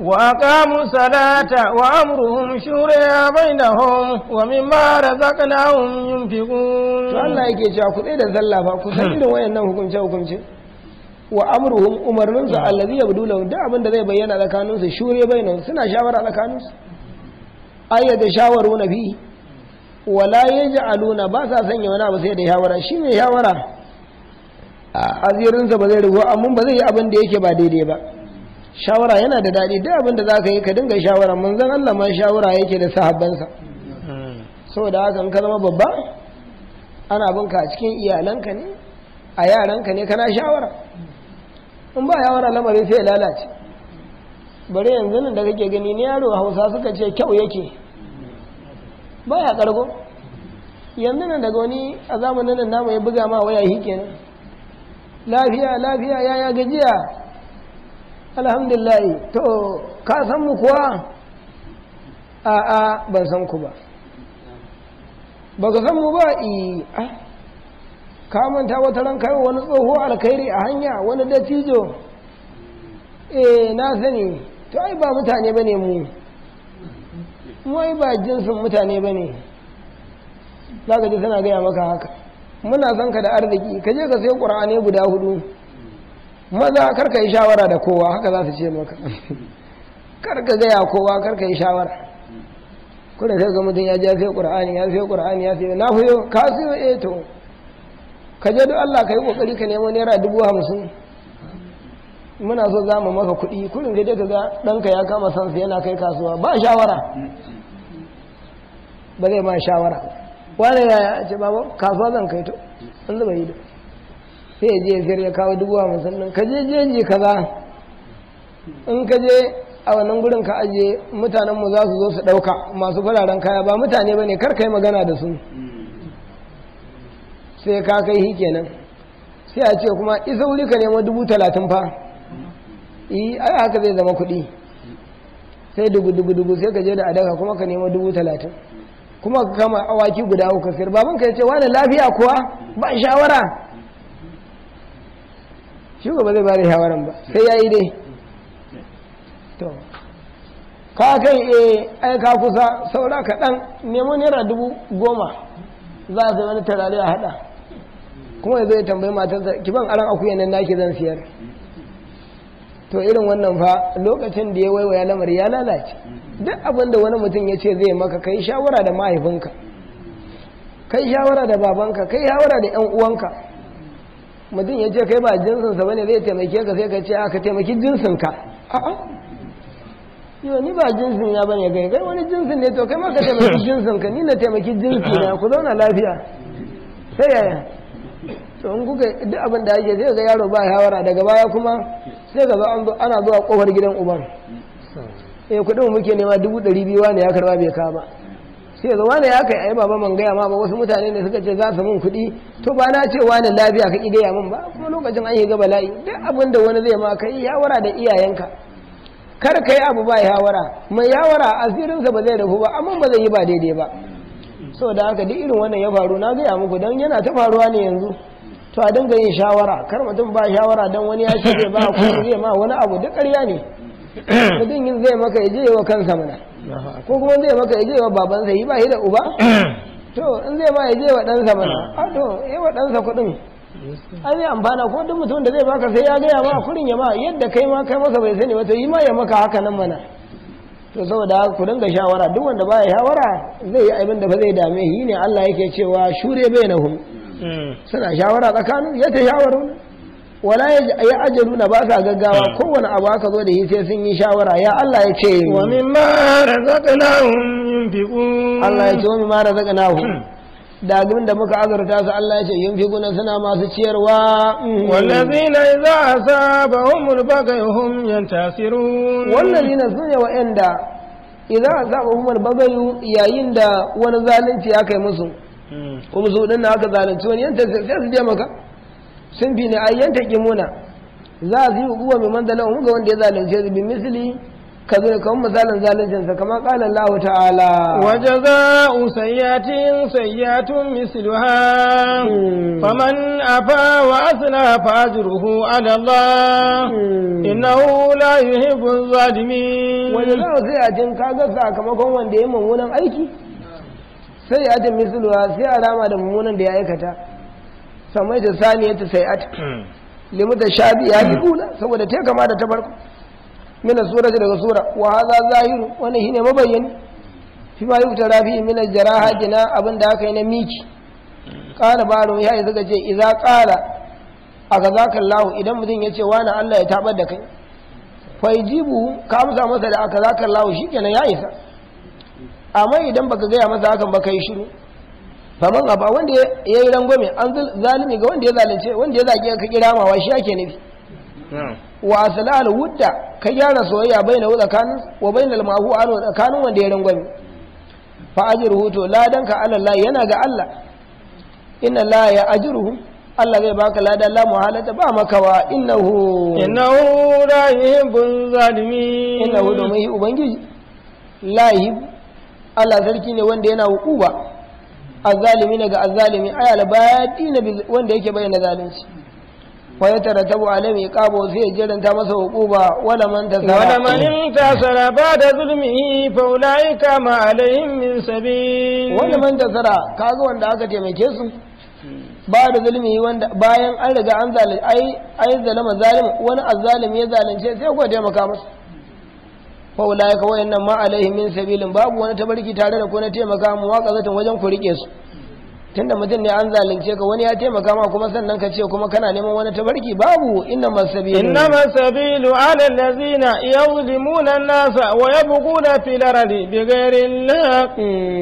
وأقاموا الصلاة وأمرهم شورى بينهم ومما رزقناهم ينفقون to Allah yake cewa ku tsaye da zalla fa ku san irin wayannan hukunce hukunce wa amruhum umarnin su allazi yabdulu da abin da zai bayyana tsakanin su shure bainahum suna shawara tsakanin su ayya da shawaru nabi wala yaj'aluna ba sa sanya wani abu sai da shawara shi ne shawara azirin sa ba zai rugo amma ba zai yi abinda yake ba daidai ba shawara yana da daɗi duk abin da za ka yi ka dinga shawara manzon Allah ma shawara yake da sahabbansa saboda haka in ka zama babba ana binka a cikin iyalanka ne a yaranka ne kana shawara in ba yawara lamarin sai lalace bari yanzu nan da kake gani ne yaro hausa suka ce kyau yake ba ya kargo yanzu nan daga wani a zamanin nan namu ya buga ma waya shi kenan lafiya lafiya ya ya gajiya alhamdulillah to ka san mu kuwa a a ban san ku ba ba ka san mu ba i eh. a ka manta wata ran kai wani tsoho alkhairi a hanya wani dattijo eh na sani to ai ba mutane bane mu mu ai ba jinsin mutane bane za ka ji tana gaya maka haka muna son ka da arziki ka je ka sai ƙur'ani guda hudu maza karka yi shawara da kowa haka za su ce maka karka gaya kowa karka yi shawara kuna sai ga mutum ya je sai ya fi ƙur'ani ya sai na fiye ka siyo yi eh to ka je don Allah ka yi ƙoƙari ka nemo naira dubu hamsin muna so za mu maka kuɗi kurin ka je ka ga ɗanka ya kama sansa yana kai kasuwa ba shawara ba zai ma shawara wani ya ce babu kasuwa zan kai to an zuba yi da sai ya je ya kawo dubu a musamman ka je je je kaza in ka je a wannan gurin ka ajiye mutanen mu za su zo su ɗauka masu fararen kaya ba mutane ba ne kar ka yi magana da su sai ka kai hi kenan sai a ce kuma isa wuri ka nema dubu talatin fa yi ai haka zai zama kuɗi sai dubu dubu dubu sai ka je da adaka kuma ka nema dubu talatin kuma ka kama awaki guda uku sayar baban ka ya ce wani lafiya kuwa ba shawara shugaba zai ba da shawaran ba sai ya yi dai to ka kai e ai ka kusa saura kaɗan neman naira dubu goma za a wani tarare a haɗa kuma ya zo ya tambayi matarsa ki ban aran akuya nan naki zan siyar to irin wannan fa lokacin da ya waiwaya lamar ya lalace duk abin da wani mutum ya ce zai maka kai shawara da mahaifinka kai shawara da babanka kai shawara da yan uwanka mutum ya ce kai ba jinsinsa ba ne zai taimake ka sai ka ce aka ah, taimaki jinsinka a'a yau ni ba jinsin ya bane kai kai wani jinsin ne to kai ma ka taimaki jinsinka ni na taimaki jinsi na ku zauna lafiya sai yaya to in kuka duk abin da ake zai ga yaro ba shawara daga baya kuma sai gaba ana zuwa kofar gidan uban eh kuɗin muke nema dubu ɗari biyu ne ya karba bai ka ba sai zama wane ya kai ai baba man gaya ma ba wasu mutane da suka ce za su mun kuɗi to ba na ce wani lafiya ka gaya min ba kuma lokacin an yi ga bala'i duk abin da wani zai ma kai yawara da iyayenka kar ka yi abu ba yawara mai yawara asirinsa ba zai dafu ba amma ba zai yi ba daidai ba so da haka duk irin wannan ya faru na gaya muku dan yana ta faruwa ne yanzu to a dinga yin shawara kar mutum ba shawara dan wani ya ce zai ba ku zai ma wani abu duk ƙarya ne mutum yin zai maka ya je wa kansa mana ko kuma zai maka ya je wa babansa yi ba shi da uba to in zai ba ya je wa ɗansa ba a ah. ah, to ya wa ɗansa kuɗin an yi amfana ko duk mutum da zai baka sai ya gaya ma kurin ya ma yadda kai ma kai masa bai sani ba to yi ma ya maka haka nan mana to saboda haka ku dinga shawara duk wanda baya shawara zai yi abin da ba zai dame shi ne Allah yake cewa shure bainahum hmm. suna shawara tsakanin ya ta wala ya na ba sa gaggawa hmm. kowane abu aka zo da yi sai sun yi shawara ya Allah ya ce wa mimma razaqnahum yunfiqun Allah ya ce wa mimma razaqnahum hmm. da abin da muka azurta su Allah ya ce yunfiquna suna masu ciyarwa hmm. wallazina idza asabahum bagayhum yantasirun wallazina wa inda idza asabahum bagayu yayin da wani zalunci ya kai musu kuma su dinna aka zalunci wani yantasir sai su je maka sun fi ne ayyan ta muna za a yi uwa mai mandala umu ga wanda ya zalunce bi misali ka zo kamar misalin zaluncin sa kamar kala Allah ta'ala Waje za jazaa'u sayyatin sayyatun ha hmm. faman afa wa asla fa hula yi Allah zalimi hmm. la yuhibbu zalimin wa jazaa'u kagasa kaga sakamakon wanda ya yi mummunan aiki sai ya ta misluha sai a rama da mummunan da ya aikata samai da saniya ta sai ati hmm. limu da shabi ya yi kula saboda ta kama da ta farko mina ce daga sura wa haza zahiru wani shine mabayyani fi ma wuta rafi mina jara, hajjina, abin da aka yi na miki ba baro ya yi zaga ce idza qala akazaka lahu idan mutum ya ce wani Allah ya tabar da kai fa yajibu ka amsa masa da akazaka Allah shikenan ya isa amma idan baka gaya masa hakan ba kai shiru faman abu wanda ya yi rangwame an zalimi ga wanda ya zalunce wanda ya zage ka kira mawa shi ake nufi wa asala al wudda ka gyara soyayya baina wa tsakanin wa baina al mahu anu tsakanin wanda ya rangwame fa ajruhu to ladan ka Allah yana ga Allah inna la ya ajruhu Allah zai baka ladan la muhalata ba makawa innahu innahu la yuhibbul zalimin innahu domin ubangiji lahi Allah sarki ne wanda yana hukuba azzalimi daga azzalimi ay albayina wanda yake bayyana zalunci wa ya tarattabu alaihi iqabu sai jiranta masa hukuba wala man tasara wala man tasara ba da zulmihi fa ulaika ma alaihim min sabil wala man tasara ga wanda aka taimake su ba da zulmi wanda bayan an riga an zalunci ai ai zalama zalim wani azzalimi ya zalunce sai da taimaka masa fa ulaika wayannan ma alaihim min sabilin babu wani tabarki tare da ko na taimaka waka zatin wajen ku rike su tunda mutum ne an zalunce ka wani ya taimaka ma kuma sannan ka ce kuma kana neman wani tabarki babu inna masabilu inna masabilu ala allazina yuzlimuna an-nasa wa yabghuna fil ardi bighairi al-haqq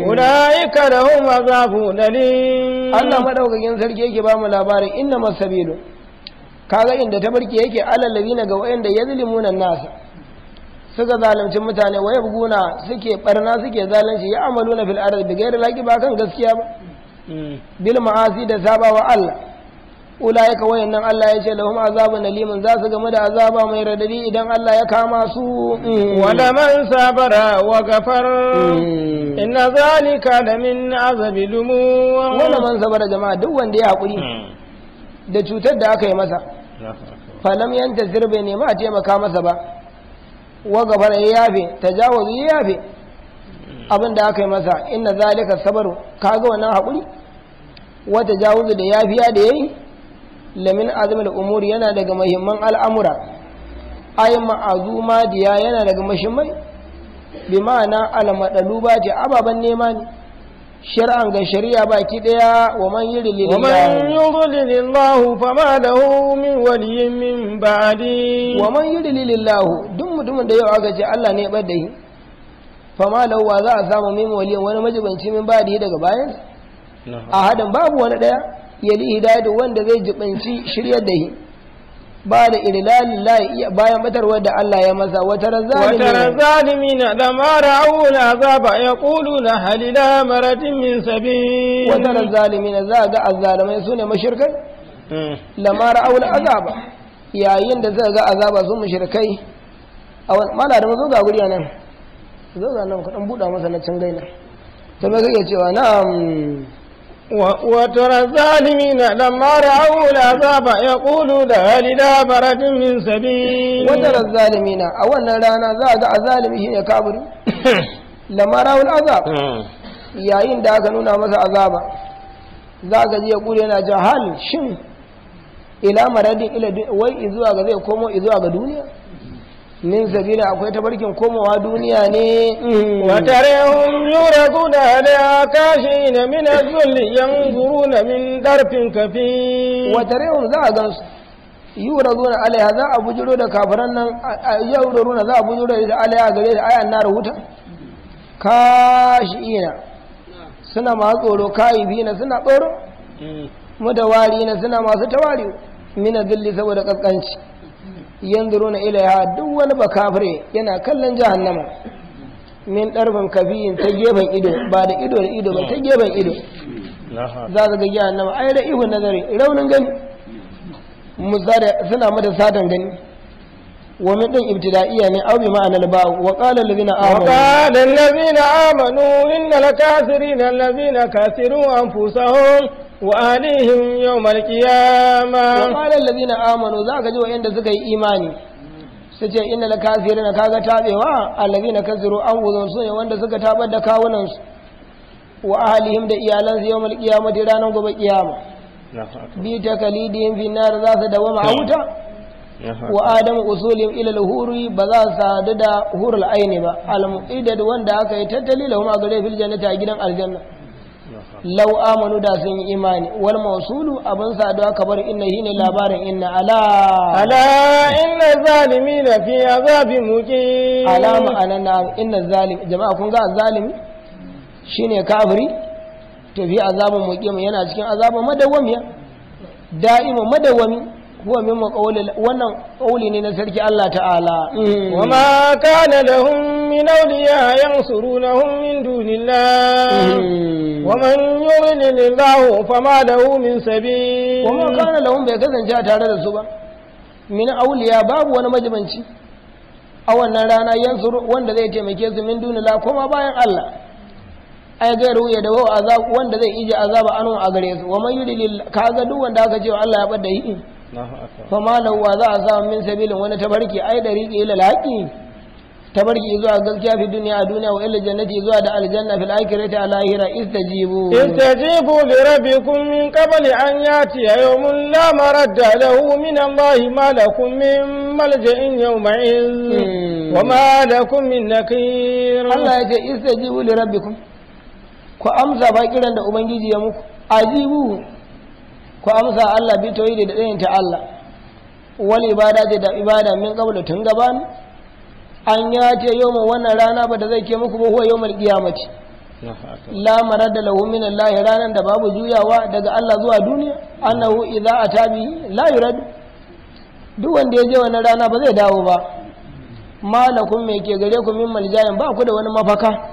ulaika lahum azabun alim Allah madaukakin sarki yake ba mu labarin inna masabilu kaga inda tabarki yake ala allazina ga wayanda yuzlimuna an-nasa suka zalunci mutane wa buguna suke barna suke zalunci ya amaluna na ardi da ghairi laqi ba kan gaskiya ba hmm. bil ma'asi da sabawa Allah kawai nan Allah ya ce lahum na alimun za su gamu da azaba mai radari idan Allah ya kama su hmm. wala man sabara wa gafar hmm. inna zalika da min azabi lumu wala man sabara jama'a duk wanda ya hakuri da cutar da aka yi masa falam yanta zirbe ne ma a taimaka masa ba wa gabar ya yafe tajawazu ya yafe abin da aka yi masa inna zalika sabaru kaga wannan haƙuri Wata tajawuzu da yafiya da ya yi, lamin azmul umuri yana daga muhimman al'amura ay ma'azuma diya yana daga muhimmai bi ma'ana al ba ce ababan nema ne شرعا ga shari'a ومن يضلل الله ومن يضلل الله فما له من ولي من بعدي ومن يضلل الله دم mutumin da yau aka ce Allah ne ɓar bar da yi fama lauwa za a samu min waliyan wani majibanci min ba da daga bayan a hadin babu wani daya yali hidayatu wanda zai jibanci shiryar da yi. ba da ilalin bayan batarwar da Allah ya masa wata razalimina da mara aula azaba ya kulu na halila maratin min sabi wata na za ga azalamai su ne mashirkai hmm. lamara azaba yayin da zai ga azaba sun mashirkai a da mazo ga guri nan zo ga nan ka dan masa na can gaina ta ba kake cewa na'am وترى الظالمين لما رأوا العذاب يقولوا ده لنا من سبيل وترى الظالمين أولا رانا ذاك الظالم هي كابر لما رأوا العذاب يا إن ذاك نونا مثل عذابا ذاك يقول أنا جهل شم إلى مرد إلى وي كومو min sabila akwai tabarkin komowa duniya ne mm. wa tarahum yuraduna la kashina min az-zulli yanzuruna min darfin kafi wa tarahum za a gansu yuraduna alaiha za a bujiro da kafiran nan yuraduna za a bujiro da alaiha gare da ayan nar wuta kashina suna masu tsoro kayibina suna tsoro mm. mutawari na suna masu tawari min az saboda kaskanci yanzuruna ilaiha duk wani bakafire yana kallon jahannama min ɗarfin kafiyin ta gefen ido ba da ido da ido ba ta gefen ido za su ga jahannama ai da ihu nazari raunin gani suna mata satan gani ومن دون ابتدائية من أو بمعنى الباء وقال wa آمنوا وقال الذين آمنوا إن الكافرين الذين كسروا أنفسهم وآلهم يوم القيامة وقال الذين آمنوا ذاك جوا عند سكي إيماني سجى إن الكافرين كاغا تابعوا الذين كذروا أنفسهم سنة وعند سكا تابد دكاونا وآلهم دا إيالان يوم القيامة رانا قبل القيامة بتكاليدهم في النار ذات دوام عوتا وآدم أصولهم إلى الهور بذا ساددا هور العين با المؤيدة وند كي تتلي لهم أقلي في الجنة أجدا الجنة lau amanu da sun yi imani wal mausulu abin saduwa kabar inna shi ne labarin inna ala ala inna zalimi na fi azabi muki ala ma'ana na inna zalimi jama'a kun ga zalimi shi ne kafiri to fi azabin muki yana cikin azabin madawwamiya da'ima madawwami هو من قول wannan ne na sarki Allah ta'ala mm. wa ma kana lahum min awliya yansurunahum min dunillah mm. wa man yudlilillahu fama lahu min sabil wa ma kana lahum bai kasance tare da su ba min awliya babu wani majibanci a wannan rana yansuru wanda zai taimake su min dunillah kuma bayan Allah ai azab wanda zai ije azaba anun a gare su wa man kaga duk wanda aka ce Allah ya bada yi fama lahu wa za a samu min sabilin wani tabarki ai dariqi ila laƙi tabarki zuwa gaskiya fi duniya a duniya wa ila jannati zuwa da aljanna fil akhirati a lahira istajibu istajibu li rabbikum min qabli an yati yawmun la maradda lahu min allahi ma lakum min malja'in yawma iz hmm. wa ma lakum min nakir Allah ya ce istajibu li rabbikum ku amsa ba kiran da ubangiji ya muku ajibu ko amsa Allah bi tauhidi da ɗayan ta Allah wal ibada da ibada min qabla tun gaban an ya ce wannan rana ba da zai ke muku ba huwa yawmal qiyamati la da lahu min Allah ranan da babu juyawa daga Allah zuwa duniya annahu idza atabi la yurad duk wanda ya je wannan rana ba zai dawo ba malakum me ke gare ku min maljayan ba ku da wani mafaka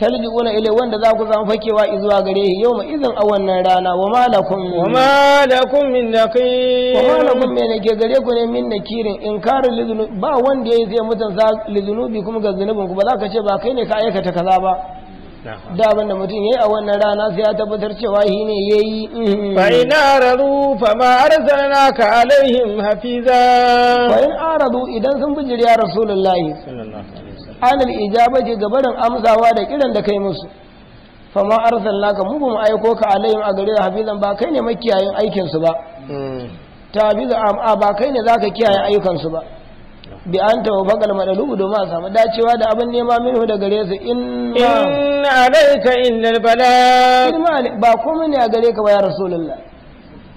talji'una ile wanda za ku zama fakewa zuwa gare shi yau izin a wannan rana wa malakum wa malakum min nakir wa malakum min nakir gare ku ne min nakirin in karu ba wanda yayi zai mutan sa lizunubi kuma ga zunubin ku ba za ka ce ba kai ne ka aikata kaza ba da abinda mutum yayi a wannan rana sai ya tabbatar cewa shi ne yayi fa in aradu fa ma ka alaihim hafiza fa in aradu idan sun bijiri ya rasulullahi sallallahu alaihi anil ijabati gabarin amsawa da kiran da kai musu ma arsalna ka mu aiko ka alaihim a gare hafizan ba kai ne makiyayin aikin su ba hmm. tabiza a ba kai ne zaka kiyaye ayyukan su ba bi an ta bakal madalu domin a samu dacewa da abin nema minhu da gare su in in alayka illal ba komai ne a gare ka ba ya rasulullah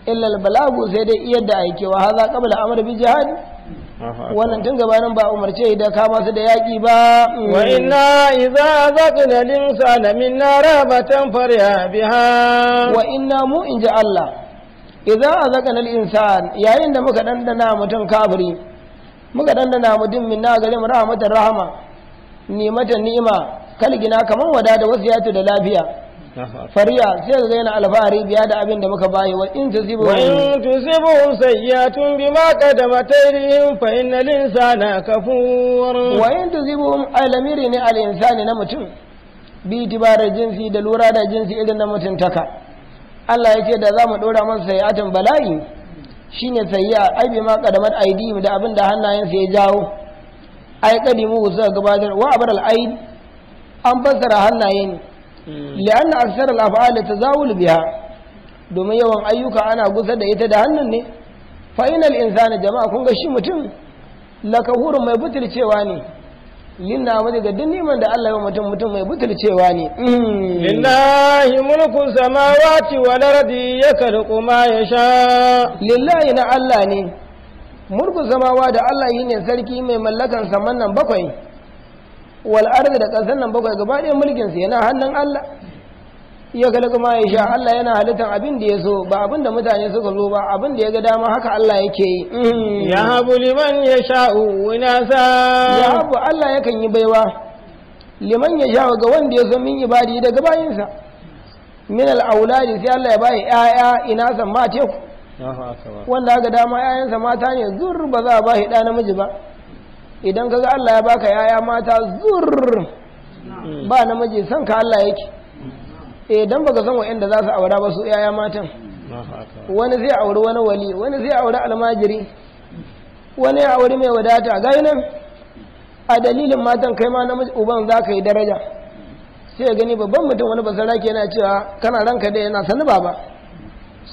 illa balagu sai dai iyadda da aikewa haza qabla amr bi jihad wannan tun gabanin ba umarce da ka masu da yaƙi ba wa inna idza zaqna linsana minna rahmatan farya biha wa inna mu inji Allah idza azaqna al-insan yayin da muka dandana mutum kafiri muka dandana mutum minna gare mu rahmatan rahama nimatan ni'ima kalgina kaman wada da wasu yato da lafiya fariya sai da na alfahari biya da abin da muka bayi wa in tusibu wa in tusibu sayyatun bima qadamat aydihim fa innal insana kafur wa in tusibu alamiri ne al insani na mutum bi dibara jinsi da lura da jinsi irin na mutum taka. Allah ya ce da za mu ɗora masa sayyatun bala'i shine sayya ai bima qadamat aydihim da abin da hannayensa ya jawo ai kadimu suka gabatar wa abral aid an fassara hannaye ne li'anna aksar al ta zawul biha domin yawan ayyuka ana gusa da ita da hannun ne fa inal jama'a kun ga shi mutum lakahurun mai butulcewa ne lillahi ga duk niman da Allah ya mutum mutum mai butulcewa ne lillahi mulkun samawati wal ardi yakhluqu ma yasha lillahi na Allah ne mulkun samawa da Allah yi ne sarki mai mallakan saman nan bakwai Wal'adar da ƙasar nan bakwai gaba ɗaya mulkin yana hannun Allah ya gada kuma ya sha Allah yana halittar abin da ya so ba abin da mutane suka zo ba abin da ya ga dama haka Allah yake yi mm. ya habu liman ya sha'u sa. ya habu Allah yakan yi baiwa liman ya sha'u ga wanda ya so min ibadi daga bayinsa min al'auladi auladi sai Allah ya bai ƴaƴa ina san ma ku. wanda haka dama ƴaƴansa mata ne zur ba za a ba shi ɗa namiji ba idan ka ga Allah ya baka yaya mata zur ba namiji san ka Allah yake eh dan baka san wa'anda za su aura ba su yaya matan wani zai auri wani wali wani zai auri almajiri wani ya auri mai wadata ga nan a dalilin matan kai ma namiji uban za ka yi daraja sai ya gani babban mutum wani ba sarki yana cewa kana ranka da yana sani baba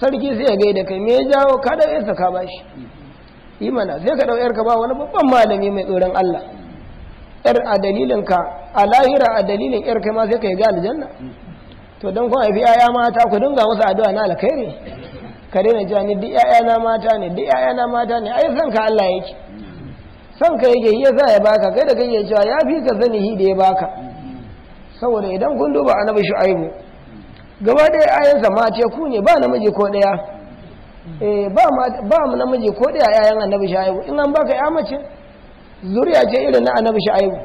sarki sai ya gaida kai me ya jawo ka da ka bashi yi mana sai ka ɗau yarka ba wani babban malami mai tsoron Allah yar a dalilin ka a lahira a dalilin yar kai ma sai ka yi ga aljanna to don kuma haifi yaya mata ku dinga wasu addu'a na alkhairi ka daina ji ni duk yaya na mata ne duk yaya na mata ne ai san ka Allah yake san ka yake yi za ya baka kai da kai ya cewa ya fi ka hi da ya baka saboda idan kun duba annabi shu'aibu gaba ɗaya ayansa mace ku ne ba namiji ko ɗaya Eh, ba mu namiji ko da yayan annabi shaibu in an baka ya mace zuriya ce irin na annabi shaibu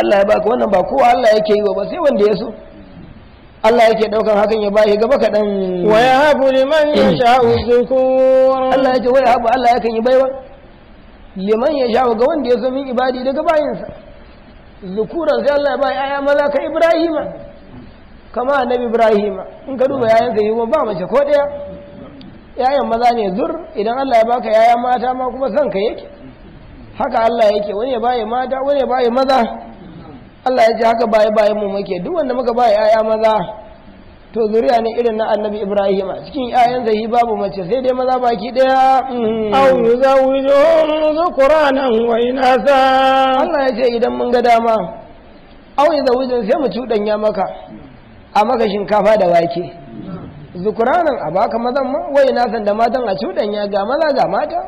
Allah ya baka wannan ba kowa Allah yake yi wa ba sai wanda ya so Allah yake daukan hakan ya bashi gaba kaɗan wa ya habu liman ya sha'u Allah yake waya habu Allah yakan yi baiwa liman ya ga wanda ya so min ibadi daga bayinsa zukuran sai Allah ya ba ya maza ka Ibrahima kama annabi Ibrahima in ka duba yayansa yi ba mace ko ɗaya yayan maza ne zur idan Allah ya baka yaya mata ma kuma son ka yake haka Allah yake wani ya baye mata wani ya baye maza Allah ya ce haka baye baye mu muke duk wanda muka baye yaya maza to zuriya ne irin na annabi ibrahim a cikin yayan zai babu mace sai dai maza baki daya mm. au yuzawijuhum zukuranan wa inasa Allah ya ce idan mun ga dama au yuzawijun sai mu cudanya maka a maka shinkafa da wake zukuranan a baka mazan ma wai na san da matan a ya ga maza ga mata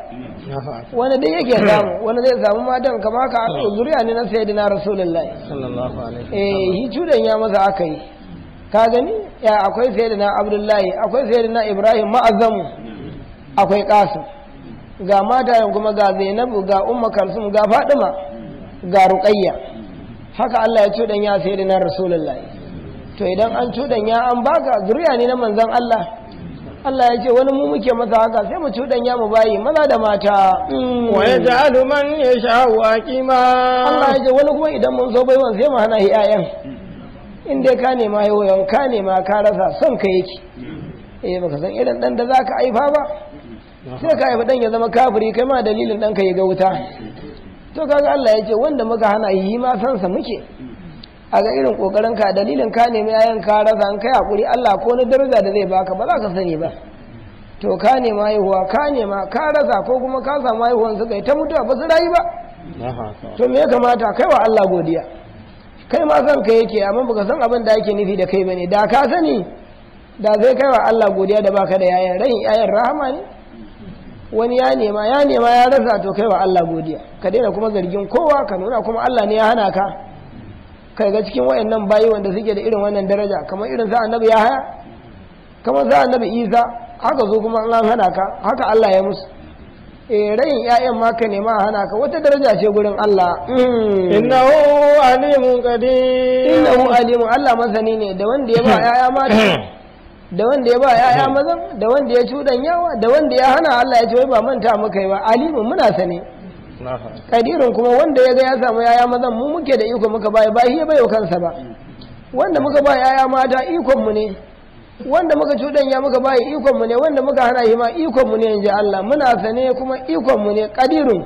wani dai yake samu wani zai samu matan kama ka zuriya ne na na rasulullahi sallallahu alaihi eh shi ya masa aka yi ka gani ya akwai na abdullahi akwai na ibrahim ma'azamu akwai kasu ga mata matayen kuma ga zainabu ga umma kalsum ga fadima ga ruqayya haka Allah ya cuɗanya na rasulullahi to idan an cuɗanya an baka zuriya ne na manzan Allah Allah ya ce wani mu muke masa haka sai mu cuɗanya mu bayi maza da mata mm. wa ya ja'alu man wa aqima Allah ya ce wani kuma idan mun zo baiwan sai mu hana iyayen in dai ka nema yawan ka nema ka rasa son ka yake eh baka san irin dan da zaka aifa ba sai ka aifa ɗan ya zama kafiri kai ma dalilin dan ka yi ga wuta to kaga Allah ya ce wanda muka hana yi ma san sa muke A ga irin kokarin ka dalilin ka nemi yayan ka rasa an kai hakuri Allah ko na daraja da zai baka ba za ka sani ba to ka nema haihuwa ka nema ka rasa ko kuma ka samu haihuwan suka yi ta mutuwa ba su rayu ba to me ya kamata kai wa Allah godiya kai ma san ka yake amma baka san abin da yake nufi da kai bane da ka sani da zai kai wa Allah godiya da baka da yayan rai yayan rahama ne wani ya nema ya nema ya rasa to kai wa Allah godiya ka daina kuma zargin kowa ka nuna kuma Allah ne ya hana ka kai ga cikin wayannan bayi wanda suke da irin wannan daraja kamar irin sa annabi ya haya kamar sa annabi isa haka zo kuma an hana ka haka Allah ya musu e rayin ƴaƴan ma ka nema hana ka wata daraja ce gurin Allah hmm. innahu alimun qadir innahu alimun Allah masani ne da wanda ya ba hmm. ƴaƴa mata hmm. da wanda ya ba ƴaƴa mazan da wanda ya yawa da wanda ya hana Allah ya ce wai ba manta muka yi ba alimun muna sani. kadirun kuma wanda ya ga ya samu yaya mazan mu muke da iko muka bayi ba shi bai kansa ba wanda muka ba yaya mata ikon mu ne wanda muka ya muka bayi ikon ne wanda muka hana shi ma ikon mu ne inji Allah muna sane kuma ikon mu ne kadirun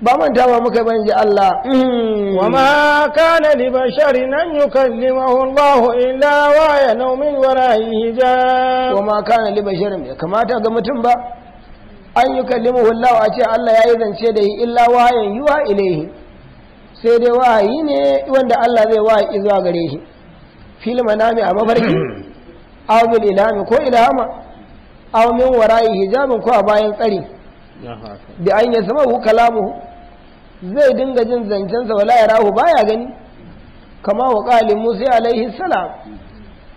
ba manta ba muka ban ji Allah mm. wa ma kana li bashari nan yukallimahu Allah illa wa ya wa rahi hijab wa ma kana li bashari kamata ga mutum ba an yi kalli Allah a ce Allah ya yi zance da yi illa wayan yiwa ilaihi sai dai wahayi ne wanda Allah zai yi zuwa gare shi fil manami a mafarki ilami ko ilhama aw min hijabin ko a bayan tsari da an yi yasmahu kalamu zai dinga jin zancensa wala rahu baya gani kama wa qali Musa alaihi salam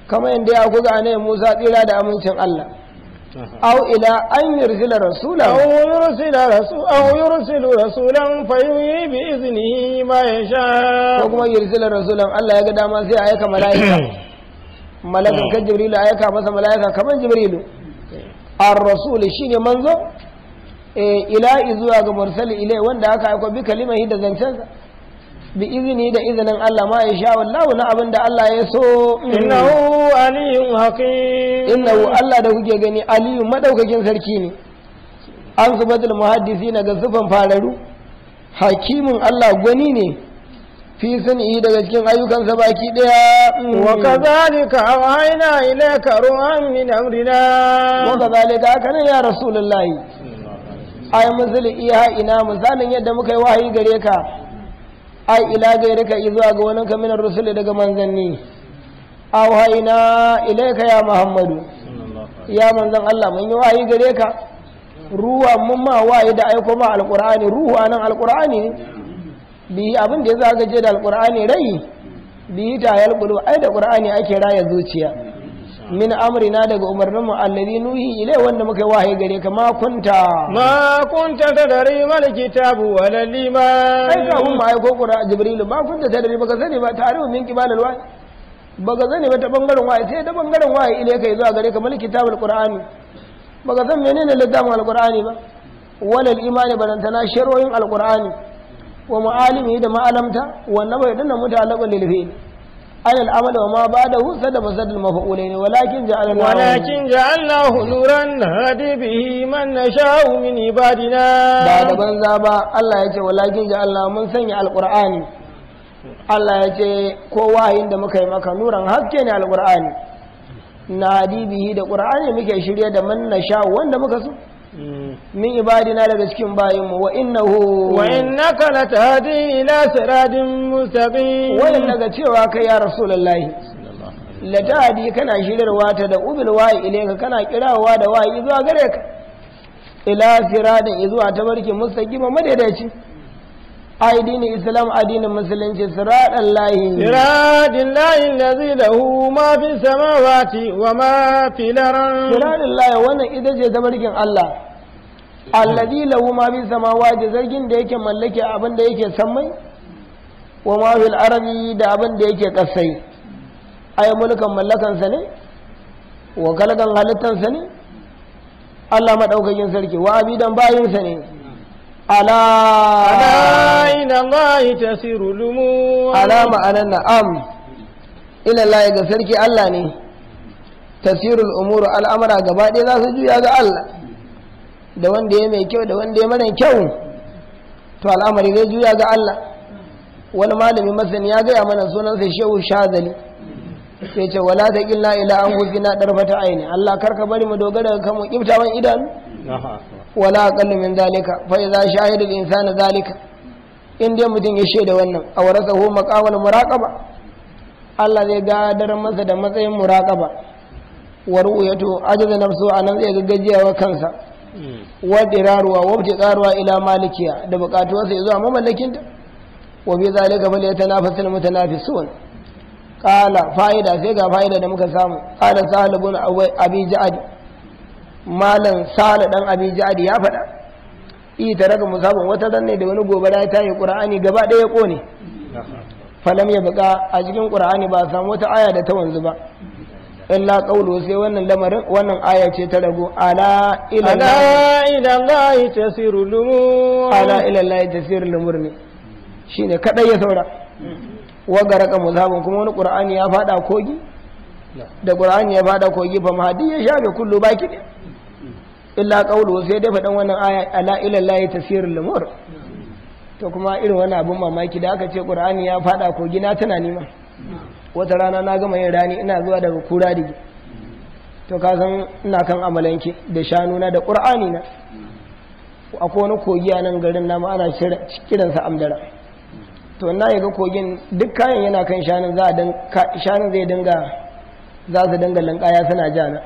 kama yadda ya kuga ne Musa tsira da amincin Allah أو إلى أن يرسل رسولا أو يرسل رسولا أو يرسل رسولا فيوي بإذنه ما يشاء وكما يرسل رسولا الله يقدر ما سي أيك ملائكة ملائكة جبريل أيك مثلا ملائكة كمان جبريل الرسول شين منظر إلى إذوا مرسل إليه وان دعك أكو بكلمة هيدا دزنشنسا bi izini da izinin Allah ma ya sha na abin da Allah ya so innahu aliyun hakim innahu Allah da kuke gani aliyu madaukakin sarki ne an zubatul muhaddisi na ga zufan fararu hakimin Allah gwani ne fi sun'i daga cikin ayyukansa baki daya wa kadhalika awhayna ilayka ruhan min amrina wa kadhalika kana ya a ay muzli iya ina misalin yadda muka yi wahayi gare ka ai ila gairika zuwa ga wani kamin rusuli daga manzanni auhaina ilaika ya muhammadu ya manzan Allah mun yi wayi gare ka ruwa mun ma wayi da aiko ma alqur'ani ruhu anan alqur'ani bi abin da ya je da alqur'ani rai bi ta yalqulu ai da qur'ani ake raya zuciya min amrina daga mu alladhi nuhi ilai wanda muka yi wahayi gare ka ma kunta ma kunta tadari mal kitabu wal iman ai ka mun ma aiko qur'an jibril ma kunta tadari baka sani ba tarihu min kibal al wahy baka sani ba ta bangaren wahy sai da bangaren wahy ilai kai zuwa gare ka mal kitabul qur'ani baka san menene littafin alqur'ani ba wal iman barantana sharoyin alqur'ani wa mu'alimi da ma'alamta wannan bai danna mutalaba lil fi'l عن العمل وما بعده سد مسد المفعولين ولكن جعلناه ولكن جعلناه نورا نهدي به من نشاء من عبادنا بعد بنزا با الله يجي ولكن جعلناه من سنع القرآن الله ya ce kowa yin نورا muka القرآن نهدي به haske ne alƙur'ani na نشاء da ƙur'ani muke Mm. min ibadina daga cikin bayinmu wa innahu wa innaka latahdi ila siratin mustaqim wannan daga cewa kai ya rasulullahi latahdi kana shirarwa ta da ubil wa'i ilayka kana kirawa da wa'i zuwa gare ka ila siratin zuwa tabarkin mustaqim madaidaici addinin islam addinin musulunci siradan lahi siradan lahi lazi lahu ma fi samawati wa ma fi laran siradan lahi wannan ita ce tabarkin Allah allazi lahu ma fi samawati zargin da yake mallake abin da yake sammai wa ma fil arabi da abin da yake kasai ai mulkan mallakansa ne wa kalgan halittansa ne Allah madaukakin sarki wa abidan bayinsa ne ألا ألا إلى الله تسير الأمور ألا معنى نعم إلى الله يغفرك الله ني تسير الأمور الأمر da wanda ya mai kyau da wanda ya mara kyau to al'amari zai juya ga Allah wani malami masani ya gaya mana sunansa shehu shazali sai ce wala ta illa ila an gufi na ɗarfata aini Allah karka bari mu dogara ga kanmu kiftawan idan. wala aqallu min zalika fa idza shahida al-insanu zalika in dai mutum ya shaida wannan a warasahu maqamal muraqaba Allah zai gadar masa da matsayin muraqaba wa ru'yatu a nafsu anan zai gajiyawa kansa wa diraruwa wa ila malikiya da bukatuwarsa zuwa mamallakinta wa bi zalika fal tana fi mutanafisun qala fa'ida sai ga fa'ida da muka samu qala sahal ibn abi ja'ad malam sale dan abi jadi ya faɗa i ta raga musabin wata zanne da wani gobara ya tayi qur'ani gaba ɗaya ya kone falam ya buka a cikin qur'ani ba samu wata aya da ta wanzu ba illa qawlu sai wannan lamarin wannan aya ce ta rago ala ila ila allah lumur ala ila ne shine kadai ya saura wa raka musabin kuma wani qur'ani ya faɗa kogi da qur'ani ya faɗa kogi fa mahadi ya shafe kullu baki ne illa qawlu sai dai faɗin wannan aya ala ila lahi tasirin lumur to kuma irin wani abin mamaki da aka ce ƙura'ani ya faɗa kogina tana nima wata rana na gama yin rani ina zuwa daga kura digi to ka san ina kan amalanke da shanu na da ƙura'ani na akwai wani kogi a nan garin namu ana kiransa amdara to na yaga kogin duk kayan yana kan shanun za a dinga za su dinga linkaya suna jana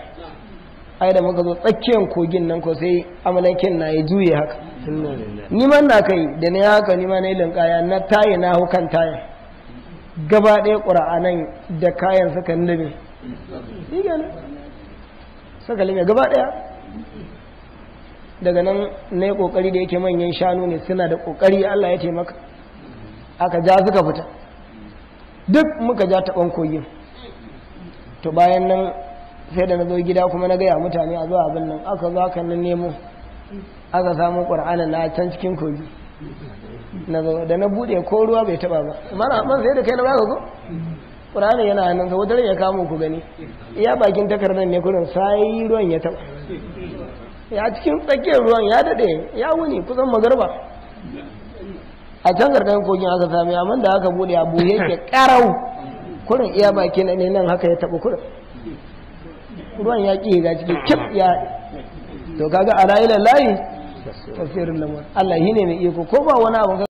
ai da muka zo tsakiyar kogin nan ko sai amalankin na ya juye haka ni ma na kai da na haka ni ma na yi linkaya na taye na hukan taye gaba ɗaya ƙura'anan da kayan suka nube suka lime gaba ɗaya daga nan na yi ƙoƙari da yake manyan shanu ne suna da ƙoƙari allah ya ce maka aka ja suka fita duk muka ja taɓon kogin to bayan nan sai da na zo gida kuma na gaya mutane a zuwa abin nan aka zo aka nan nemo aka samu ƙwar'ana na can cikin kogi na zo da na buɗe ko ruwa bai taɓa ba mana man sai da kai na ba ka zo? ƙwar'ana yana hannun sa wutar ya kamo ku gani iya bakin takardar ne kurin sai ruwan ya taɓa ya cikin tsakiyar ruwan ya daɗe ya wuni kusan magarba a can karkashin kogin aka sami amma da aka buɗe abu yake ƙarau kurin iya bakin ne nan haka ya taɓa kurin ruwan ya ƙi ga ciki kif ya to kaga a ila layi tafsirin lamar Allah shine mai iko ko ba wani abu